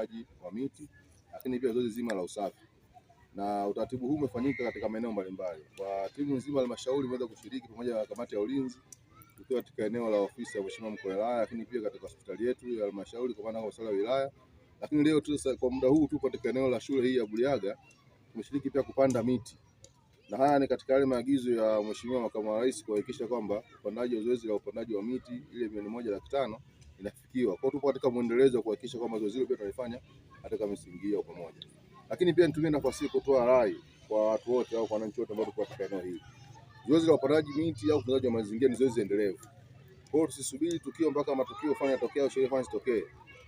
upandaji wa miti, lakini pia zoezi zima la usafi na utaratibu huu umefanyika katika maeneo mbalimbali. Kwa timu nzima ya halmashauri imeweza kushiriki pamoja na kamati ya ulinzi tukiwa katika eneo la ofisi ya mheshimiwa mkuu wa wilaya, lakini pia katika hospitali yetu ya halmashauri kwa maana ya hospitali ya wilaya. Lakini leo tu kwa muda huu tu katika eneo la shule hii ya Buliaga, tumeshiriki pia kupanda miti, na haya ni katika yale maagizo ya mheshimiwa makamu wa rais kuhakikisha kwamba upandaji wa zoezi la upandaji wa miti ile milioni moja laki tano inafikiwa. Kwa tupo katika mwendelezo wa kuhakikisha kwamba zoezi hilo pia tunalifanya katika misingi hiyo pamoja. Lakini pia nitumie nafasi hii kutoa rai kwa watu wote au kwa wananchi wote ambao tupo katika eneo hili. Zoezi la upandaji miti au utunzaji wa mazingira ni zoezi endelevu. Kwa hiyo tusisubiri tukio mpaka matukio fanya yatokee, au sherehe fanya zitokee.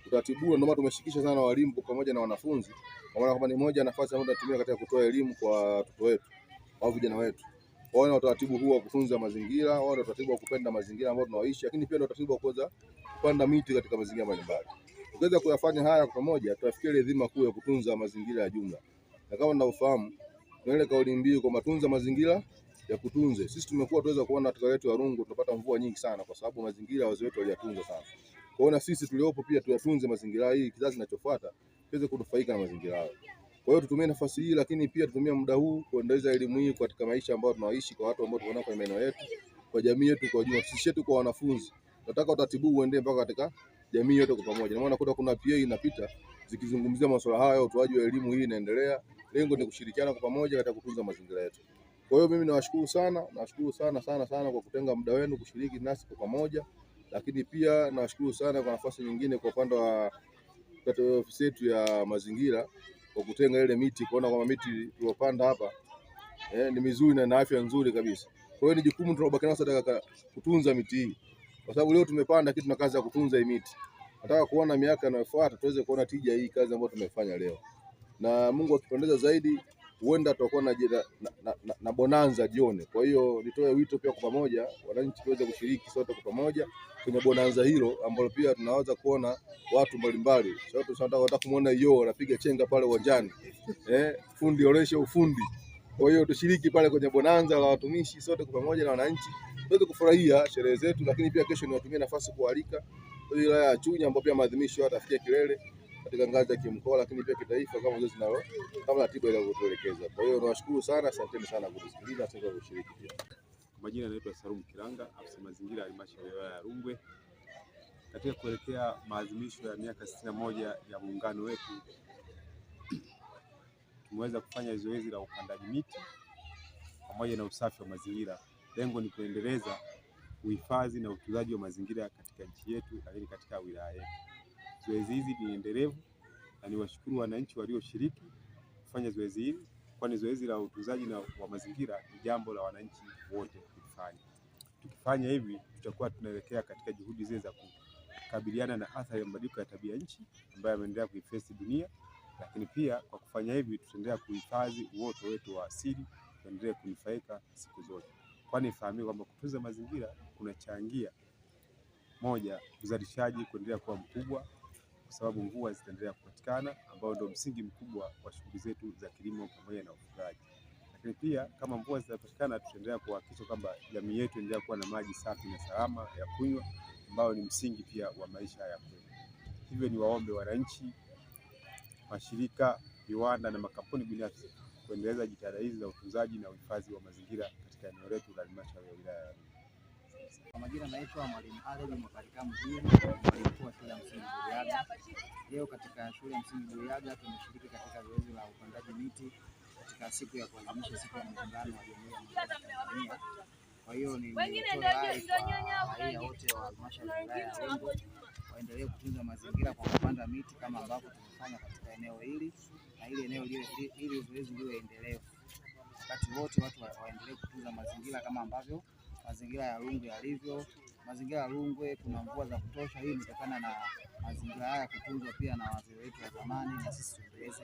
Utaratibu ndio maana tumeshikisha sana walimu pamoja na wanafunzi, kwa maana kwamba ni moja nafasi ambayo tunatumia katika kutoa elimu kwa watoto wetu au vijana wetu Wao na utaratibu huu wa kutunza mazingira, wao na utaratibu wa kupenda mazingira ambayo tunaoishi, lakini pia na utaratibu wa kuweza kupanda miti katika mazingira mbalimbali. Tukiweza kuyafanya haya kwa pamoja, tutafikia ile dhima kuu ya kutunza mazingira ya jumla, na kama ninavyofahamu tuna ile kauli mbiu kwa matunza mazingira ya kutunze. Sisi tumekuwa tuweza kuona katika letu wa Rungu tunapata mvua nyingi sana, kwa sababu mazingira wazee wetu waliyatunza sana. Kwa hiyo na sisi tuliopo pia tuyatunze mazingira hii, kizazi kinachofuata kiweze kunufaika na mazingira hayo. Kwa hiyo tutumie nafasi hii, lakini pia tutumie muda huu kuendeleza elimu hii katika maisha ambayo tunaishi, kwa watu ambao tuko kwa maeneo yetu, kwa jamii yetu kwa ujumla, sisi yetu kwa wanafunzi Nataka utaratibu uende mpaka katika jamii yote kwa pamoja. Na maana kuta kuna PA inapita zikizungumzia masuala haya, utoaji wa elimu hii inaendelea. Lengo ni kushirikiana kwa pamoja katika kutunza mazingira yetu. Kwa hiyo mimi nawashukuru sana, nawashukuru sana sana sana kwa kutenga muda wenu kushiriki nasi kwa pamoja, lakini pia nawashukuru sana kwa nafasi nyingine kwa upande wa katika ofisi yetu ya mazingira kwa kutenga ile miti, kuona kwamba miti tuliopanda hapa eh, ni mizuri na ina afya nzuri kabisa. Kwa hiyo ni jukumu tunalobaki nalo katika kutunza miti hii kwa sababu leo tumepanda kitu na kazi ya kutunza hii miti. Nataka kuona miaka inayofuata tuweze kuona tija hii kazi ambayo tumefanya leo, na Mungu akipendeza zaidi, huenda tutakuwa na, na, na, na bonanza jioni. Kwa hiyo nitoe wito pia kwa pamoja, wananchi tuweze kushiriki sote kwa pamoja kwenye bonanza hilo ambalo pia tunaweza kuona watu mbalimbali. Tunataka kumuona yoo anapiga chenga pale uwanjani eh, fundi oresha ufundi kwa hiyo tushiriki pale kwenye bonanza la watumishi sote kwa pamoja na wananchi tuweze kufurahia sherehe zetu, lakini pia kesho niwatumie nafasi kualika kwenye wilaya ya Chunya ambapo pia maadhimisho yatafikia kilele katika ngazi ya kimkoa, lakini pia kitaifa kama zoezi na kama ratiba inavyotuelekeza. Kwa hiyo nawashukuru sana, asanteni sana kusikiliza, asante kwa kushiriki pia. Kwa majina anaitwa Salumu Kiranga, afisa mazingira halmashauri ya Rungwe. Katika kuelekea maadhimisho ya miaka sitini na moja ya muungano wetu tumeweza kufanya zoezi la upandaji miti pamoja na usafi wa mazingira. Lengo ni kuendeleza uhifadhi na utunzaji wa mazingira katika nchi yetu, lakini katika wilaya yetu. Zoezi hizi ni endelevu na niwashukuru wananchi walioshiriki kufanya zoezi hili, kwani zoezi la utunzaji na wa mazingira ni jambo la wananchi wote kufanya. Tukifanya hivi, tutakuwa tunaelekea katika juhudi zile za kukabiliana na athari ya mabadiliko ya tabia nchi ambayo yameendelea kuifesi dunia lakini pia kwa kufanya hivi tutaendelea kuhifadhi uoto wetu wa asili, tuendelee kunufaika siku zote, kwani ifahamike kwamba kutunza mazingira kunachangia moja, uzalishaji kuendelea kuwa mkubwa kwa sababu mvua zitaendelea kupatikana, ambao ndio msingi mkubwa wa shughuli zetu za kilimo pamoja na ufugaji. Lakini pia kama mvua zitapatikana, tutaendelea kuhakikisha kwamba jamii yetu endelea kuwa na maji safi na salama ya kunywa, ambayo ni msingi pia wa maisha ya kweli. Hivyo ni waombe wananchi mashirika, viwanda na makampuni binafsi kuendeleza jitihada hizi za utunzaji na uhifadhi wa mazingira katika eneo letu la halmashauri ya wilaya ya Iringa. Kwa majina naitwa Mwalimu Alex Mwakalika Mzuri, mwalimu mkuu wa shule ya msingi Buyaga. Leo katika shule ya msingi Buyaga tumeshiriki katika zoezi la upandaji miti katika siku ya kuadhimisha siku ya muungano wa jamii ya muungano wa Tanzania. Kwa hiyo ni kwa raia wote wa halmashauri ya wilaya ya waendelee kutunza mazingira kwa kupanda miti kama ambavyo tumefanya katika eneo hili, na ili eneo ili zoezi liwe endelevu wakati wote, watu waendelee kutunza mazingira kama ambavyo mazingira ya Rungwe yalivyo. Mazingira ya Rungwe kuna mvua za kutosha, hii imetokana na mazingira haya kutunzwa pia na wazee wetu wa zamani, na sisi tuendeleze.